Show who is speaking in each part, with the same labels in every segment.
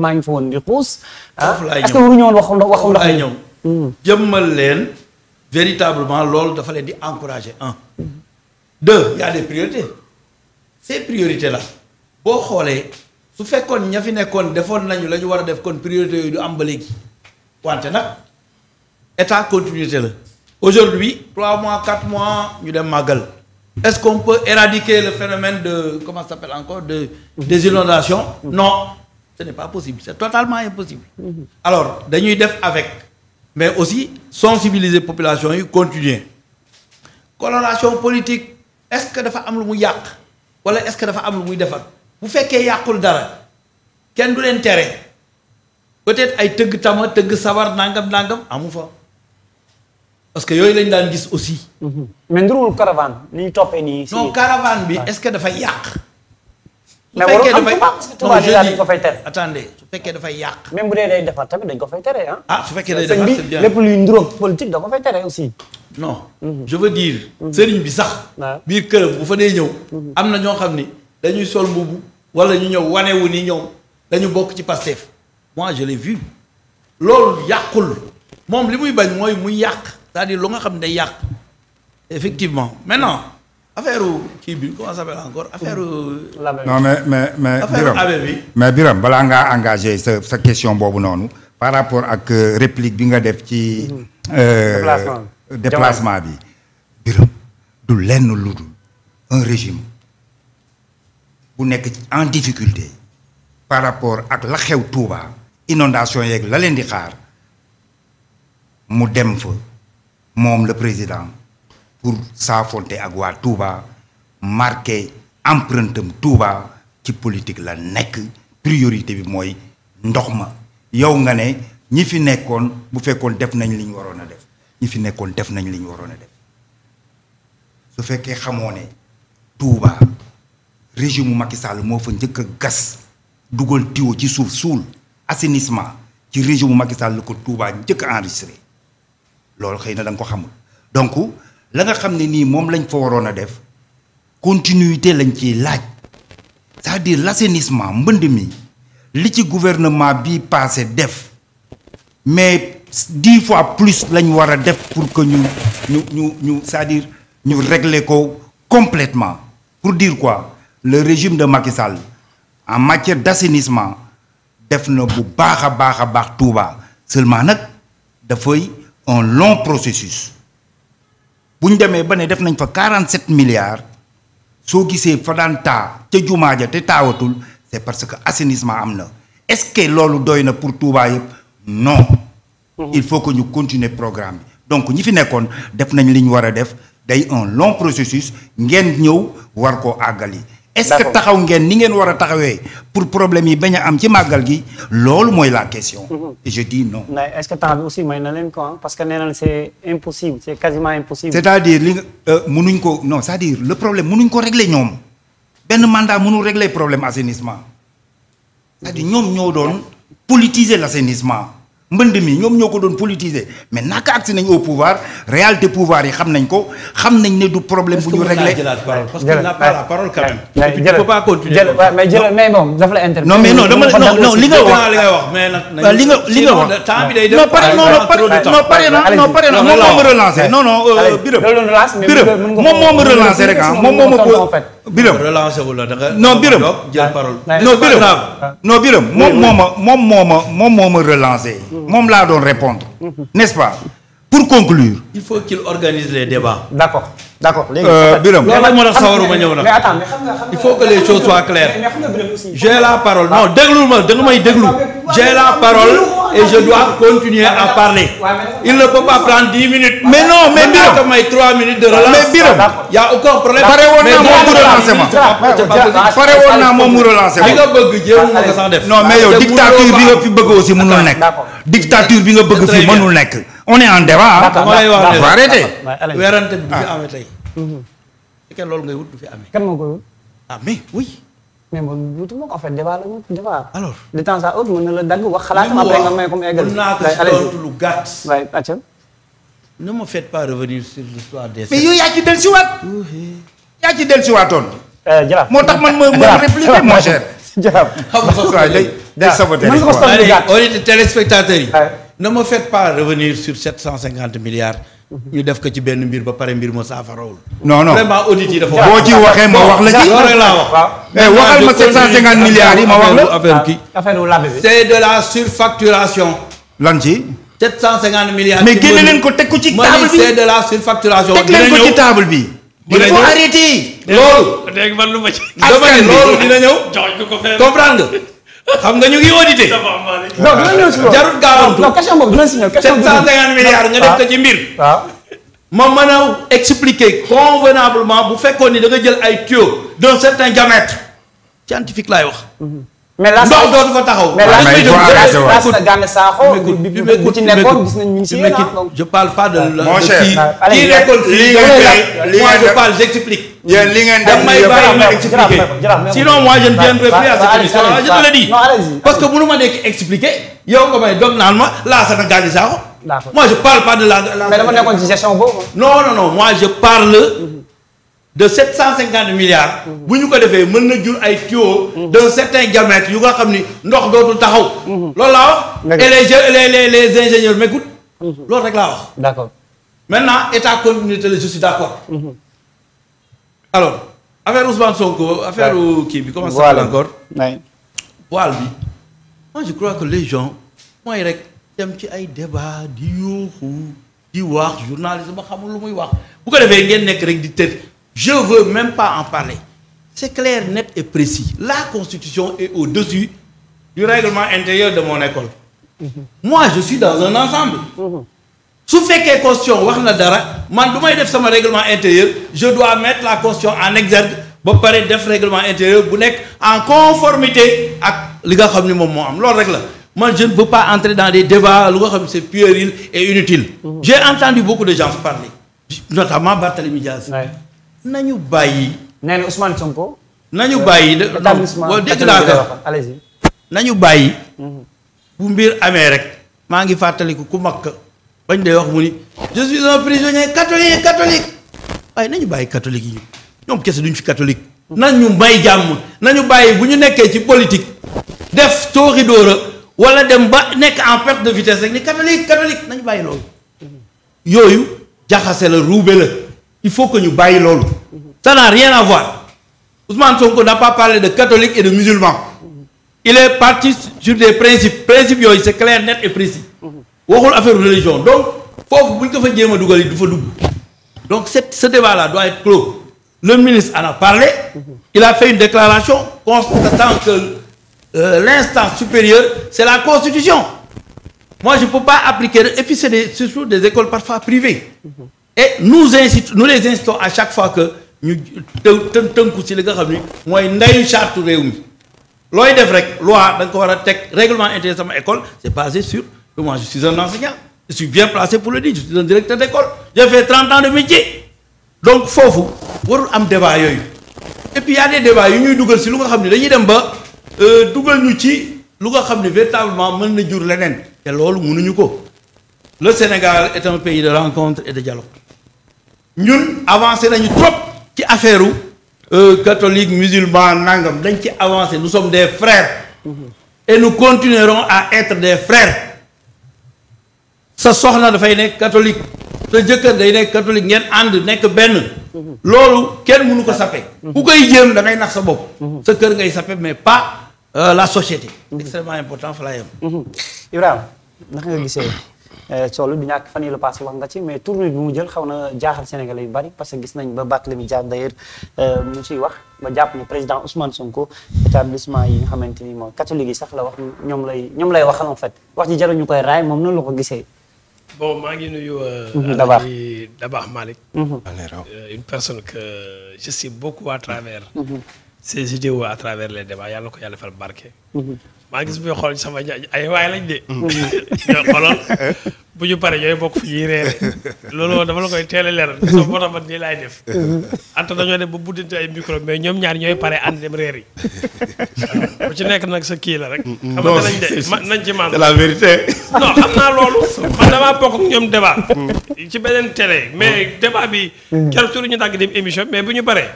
Speaker 1: maa ngi fa woon di
Speaker 2: xuus. Ah, foofu laay ñëw est-ce que waruñu woon
Speaker 1: waxum waxum hmm.
Speaker 2: jëmmal leen véritablement loolu dafa leen di encourager un. deux y a des priorités ces priorités boo xoolee su fekkoon ña fi nekkoon defoon nañu la ñu war a def kon priorité yooyu du am ba léegi wante nag état continuité la. aujourd'hui trois mois quatre mois ñu dem màggal. est-ce qu'on peut éradiquer le phénomène de comment ça s'appelle encore de. des inondations non. ce n'est pas possible c'est totalement impossible alors dañuy def avec mais aussi sensibiliser population yi continuer coloration politique est-ce que dafa am lu mu yàq walla est-ce que dafa am lu muy defar bu fekkee yàqul dara kenn du leen tere peut-être ay tëgg tama tëgg sabar nangam ndàngam amu fa parce que yooyu lañ daan gis aussi. Mm-hmm. mais nduruwul caravane. ni ñu toppee nii. non caravane bi est-ce que dafay yàq.
Speaker 1: mais warul am tubaab parce que tubaab yi dañ ko fay
Speaker 2: tere. su
Speaker 1: fekkee dafay yàq. même bu dee day defar tamit dañ ko fay tere ah, su fekkee day defar c'est bien lépp luy nduróog politique da ko
Speaker 2: fay tere aussi. non. Mhm. je veux dire. Mhm. bi sax. biir këram bu fa dee ñëw. Mhm. am na ñoo xam ni dañuy sol mbubu walla ñu ñëw wanewu ni ñëw dañu bokk ci Pastef. moi je l'ai vu loolu yàqul moom li muy bañ mooy muy yàq cest lu nga xam ne day yàq
Speaker 1: effectivement
Speaker 2: maintenant. affaire kii bi comment ça s'appelle encore affaire. non mais mais
Speaker 1: mais. Biram balaa ngaa engagé sa sa question boobu noonu par rapport ak euh, réplique bi nga def ci. Mm. Euh, déplacement bi bi. Biram du lenn lu dul un régime bu nekk en difficulté par rapport ak la xew Touba inondation yeeg la leen di xaar mu dem fa moom la président. pour saafonte ak waa Touba marqué empreintam Touba ci politique la nekk priorité bi mooy ndox ma yow nga ne ñi fi nekkoon bu fekkoon def nañ liñ waroon a def ñi fi nekkoon def nañ li ñu waroon a def su fekkee xamoo ne Touba régime mu Macky Sall moo fa njëkk a gas dugal tiw ci suuf suul assainissement ci régime mu Macky Sall ko Touba njëkk a enregistré loolu xëy na da ko xamul la nga xam ne nii moom lañ fa waroon a def continuité lañ ci laaj c'est-à-dire l'assainissement mbënd mi li ci gouvernement bi passé def mais dix fois plus lañ war a def pour que ñu ñu ñu ñu c'est-à-dire ñu régler ko completement pour dire quoi le régime de Macky en matière d'assainissement def na bu baax a baax a baax Touba seulement nag dafay un long processus bu ñu demee ba ne def nañ fa 47 milliards soo gisee fa daan taa ca jumaa ja te taawatul c'est parce que assainissement am na est-ce que loolu doy na pour Touba yëpp non. Mhm. il faut que ñu continuer programme bi donc ñi fi nekkoon def nañ li ñu war a def day un long processus ngeen ñëw war koo àggali. est-ce que taxaw ngeen ni ngeen war a taxawee pour problème yi bañ a am ci màggal gi loolu mooy la question. Mhm. et je dis non. mais est-ce que temps aussi may na leen ko parce que nee nañ c'est impossible c'est quasiment impossible. c'est-à-dire li nga euh, mënuñ ko non c'est-à-dire le problème mënuñ ko régler ñoom benn mandat mënul régler problème assainissement c'est-à-dire ñoom ñoo doon politiser l'assainissement. mbënd mi ñoom ñoo ko doon politiser mais naka agsi nañ au pouvoir réalité pouvoir yi xam nañ ko xam nañ ne du problème bu ñu réglé. parce que la
Speaker 2: parole quand même. jërëjëf tu peux mais
Speaker 1: jërëjëf
Speaker 2: li nga wax.
Speaker 3: li nga li nga wax. temps bi day def non pare non pare na pare na moom moo
Speaker 2: ma relancé. non non
Speaker 1: Birame Birame moom moo ma relancé rek ah
Speaker 2: biram relancé wu da nga. non biram jël parole. non biram moom moo ma
Speaker 1: moom moo ma moom moo ma relancé. moom laa doon répondre. Mhm. n'est-ce pas pour conclure.
Speaker 2: il faut qu'il organise les débats. d'accord d'accord léegi. Euh, biram loolu moo tax sawaru ma ñëw na. mais attends
Speaker 3: mais xam nga xam nga il faut que les choses soient claires. j'ai la
Speaker 2: parole non ah. déglu ma da nga may déglu. j'ai la parole. et je dois continuer à parler il ne peut pas prendre dix minutes. mais non mais Birame mais Birame a aucun problème. pare woon naa moom mu relancer ah, ma. pare woon naa moom
Speaker 1: mu non mais dictature bi nga fi bëgg aussi mënul nekk. dictature bi nga bëgg fi mënul nekk. on est en débat. d' accord d' arrêté.
Speaker 2: weerante bi du fi ah.
Speaker 1: amee mais moom wutuma ko en fait débat la de temps à autre mën na la dagg wax xalaatam après nga may ko mu eggal. lu gàtt. waay acca. ne me faites pas revenir sur l'histoire des. si yow yaa ci euh, moo tax man ma ma répliquer mon cher. jaraaf xam nga ko day day saboté
Speaker 2: yi. ne me faites pas revenir sur milliards. ñu def ko ci benn mbir ba pare mbir ma saafarawul. non non vraiment boo ci waxee ma wax la ci. loolu rek laa wax. waaw eh, waxal ma 750 milliards yi ma wax la affaire kii.
Speaker 1: Ah, affaire
Speaker 2: de la surfacturation. lan ci. 750 milliards. mais génne leen ko
Speaker 1: teg ko ci table bi c'est
Speaker 2: de la teg ko ci table bi. il faut
Speaker 3: arrêter.
Speaker 2: loolu.
Speaker 3: dégg man lu ma ci. askan loolu dina ñëw. jox ko ko xam nga ñu ngi audité. donc dina ñëw si loolu jarut gaawantu. non question milliards nga def ko ci mbir. waaw
Speaker 2: ah. ah. ma mën a expliquer convenablement bu fekkoon ni da nga jël ay tuyaux d'un certain diamètre scientifique lay wax. Mm-hmm. mais laas dootu fa taxaw. na Gana Sakho bi ci nekkoon gis nañ ñu je parle pas de. mon cher kii nekkoon fii moi je parle j'explique. yéen je ne viendrai plus à cette émission je te le dis parce que mënu je parle pas de la. mais dama nekkoon ci gestion non non non je parle. Mhm. de 750 milliards. bu ñu ko defee mën na jur ay tuyaux. d'un certain diamètre yu nga xam ni ndox dootul taxaw. loolu laa wax. et les les les ingénieurs m'écoutent. Mhm. loolu rek laa wax. d'accord maintenant état continuité la je suis d'accord. Mhm. alors affaire Ousmane ko affaire kii bi comment ça s'appelle encore. voile bi. moi je crois que les gens mooy rek dem ci ay débat di yuuxu di wax journaliste ba xamul lu muy wax bu ko defee ngeen nekk rek di tëdd. Je ne veux même pas en parler. C'est clair, net et précis. La Constitution est au-dessus du règlement intérieur de mon école. Mmh. Moi, je suis dans un ensemble. Mmh. su fekkee constitution wax na dara man du may def sama règlement intérieur je dois mettre la constitution en exergue ba pare def règlement intérieur bu nekk en conformité ak li nga xam ni moom moo am loolu rek la man je ne veux pas entrer dans des débats lu nga xam ne c'est puéril et inutile. Mmh. j'ai entendu beaucoup de gens parler. notamment Barthélémy Diaz. nañu bàyyi. nee na Ousmane nañu bàyyi de waaw dégg naa ko nañu bàyyi. Mhm. bu mbir amee rek. maa ngi fàttaliku ku mag bañ dee wax mu ni. je suis un prisonnier catholique catholique. waaye nañu bàyyi catholique yi ñoom kese duñ fi catholique. Mhm. nañu bay jàmm nañu bàyyi bu ñu nekkee ci politique. def tooxi dóora wala dem ba nekk en perte de vitesse rek ni catholique catholique nañu bàyyi loolu. Mhm. yooyu jaxase la ruube la. il faut que ñu bàyyi loolu. ça n'a rien à voir Ousmane Sonko n'a pas parlé de catholique et de musulman. il est parti sur des principes principes yooyu c'est clair net et précis. waxul affaire religion donc foofu bu ñu ko fa jéem a dugal yi du fa dugg. donc cette ce débat là doit être clos le ministre en a parlé. il a fait une déclaration constatant que euh, l'instance supérieure c'est la constitution. moi je peux pas appliquer et puis des surtout des écoles parfois privées. et nous incitons nous les incitons à chaque fois que ñu të ku si li nga xam ni mooy ndeyu charte réew mi looy def rek loi da nga ko war a teg règlement intérieur sama école c'est basé sur moi je suis un enseignant je suis bien placé pour le dire directeur d'école j'ai fait 30 ans de métier donc foofu warul am débat yooyu et puis y a des yu ñuy dugal si lu nga xam ne dañuy dem ba euh, dugal ñu ci lu nga xam ne véritablement mën na jur leneen te loolu mënuñu ko le Sénégal est un pays de et de dialogue ñun avancé nañu trop ci affaire euh, catholique musulman nangam dañ ci avancé nous sommes des frères
Speaker 3: mm-hmm.
Speaker 2: et nous continuerons à être des frères sa soxna dafay nekk catholique sa jëkkër day nekk catholique ngeen ànd nekk benn mm-hmm. loolu kenn munu ko sappe mm-hmm. ku koy jéem da nax sa bopp sa kër ngay sappe mais pas euh, la société
Speaker 1: extrêmement important fa laa yem Ibrahima ndax nga gisee Solu euh, du ñàkk fan yi la passé wax nga ci mais tournée bi mu jël xaw na jaaxal Sénégalais yu bari parce que gis nañ ba Barthélémy Dias d'ailleurs euh, mu ciy wax ba jàpp ne président Ousmane Sonko établissement yi nga xamante ni moom catholique yi sax la wax ñoom lay ñoom lay waxal en fait wax ji jaruñu koy raay moom noonu la ko gisee.
Speaker 3: bon maa ngi nuyu. Dabaax euh, mhm, Dabaax Malick. Mhm. une personne que je suis beaucoup à travers. Mhm. ses vidéos à travers les débats yàlla ko yàlla defal barke. maa gis muy xool sama jaaj ay waay lañ de. Mm. ñoo bu ñu paree ñooy bokk fi ñuy reere loolu moom dama la koy teel a leeral sama moo tax man nii laay def. Mm-hmm. anta dañoo dem ba buddante ay micro mais ñoom ñaar ñooy pare ànd dem reer yi. ku ci nekk nag sa kii la rek. xam nga nañ de la vérité. non xam naa loolu. man damaa bokk ak ñoom débat. Mm. ci beneen télé. mais mm. débat bi. Mm. keroog tur ñu dagg dem émission mais bu ñu paree.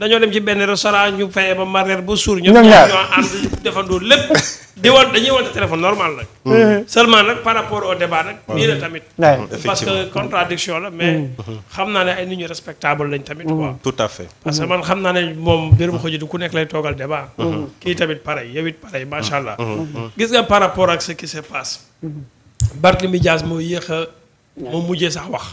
Speaker 3: dañoo dem ci benn restaurant ñu fayee ba ma ba suur. ñoom ñoo ànd defandoo lépp. di woon dañuy wante téléphone normal nag. seulement nag par rapport au débat nag. nii la tamit. parce que contradiction la mais. xam naa ne ay nit ñu respectable lañ tamit quoi. tout à fait. parce que man xam naa ne moom mbirum xoj du ku nekk lay toogal débat. kii tamit pare. pareil yow it pareil macha allah. Mm-hmm. Mm-hmm. Mm-hmm. gis nga par rapport ak ce qui se passe. Barthélemy Dias moo yéex a. moo mujjee sax wax.